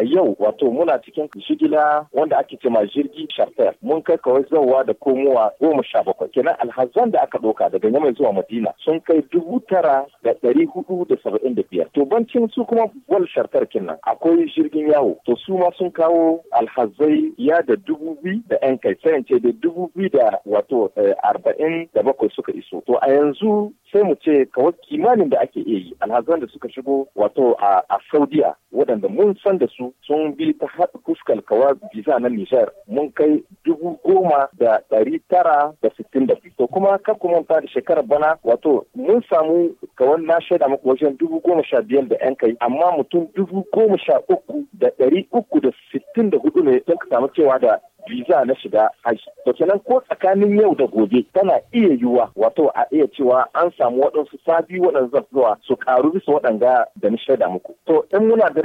a yau wato muna cikin jigila wanda ake cema jirgi charter mun kai kawai zauwa da komowa goma sha bakwai kenan alhazan da aka ɗauka daga yamma zuwa madina sun kai dubu tara da ɗari hudu da saba'in da biyar to bancin su kuma wal shartar kenan akwai jirgin yawo to su ma sun kawo alhazai ya da dubu biyu da yan kai sai ce da dubu biyu da wato eh, arba'in da bakwai suka iso to a yanzu sai mu ce kawai kimanin da ake iya yi alhazan da suka shigo wato a saudiya waɗanda mun san da su sun bi ta haɗa fuskar kawa biza na nijar mun kai dubu goma da ɗari tara da sittin da to kuma kar kuma ta da shekarar bana wato mun samu kawai na shaida muku wajen dubu goma sha biyar da yan kai amma mutum dubu goma sha uku da ɗari uku da sittin da hudu ne don ka samu cewa da visa na shiga haji to kenan ko tsakanin yau da gobe tana iya yiwuwa wato a iya cewa an samu waɗansu sabi waɗansu zuwa su karu bisa waɗanga da ni shaida muku to in muna da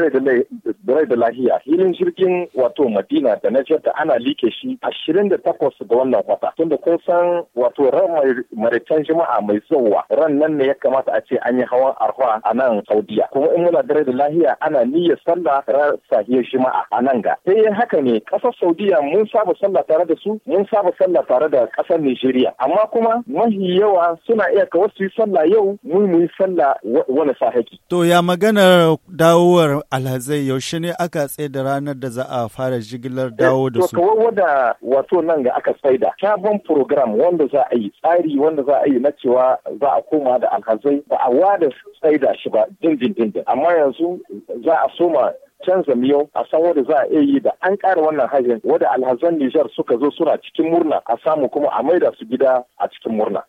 rai da lahiya filin jirgin wato madina da na da ana like shi ashirin da takwas ga wannan kwata tunda kun san wato ran maritan jama'a mai tsawa ran nan ne ya kamata a ce an yi hawan arfa a nan saudiya kuma in muna da rai da lahiya ana niyyar sallah ran sahiyar jama'a a nan ga sai eh, haka ne ƙasar saudiya mun saba sallah tare da su mun saba sallah tare da ƙasar Nijeriya amma kuma mahi yawa suna iya ka wasu sallah yau mu mu sallah wani sahaki. To ya maganar dawowar alhazai yaushe ne aka tsaye da ranar da za a fara jigilar dawo da eh, su? To kawai wada wato nan ga aka tsaida sabon program wanda za a yi tsari wanda za a yi na cewa za a koma da alhazai ba a wada tsaida shi ba dindindin amma yanzu za a soma canza miyau a san wanda za a iya yi da an ƙara wannan hajjin wadda alhazan Nijar suka zo suna cikin murna a samu kuma a maida su gida a cikin murna.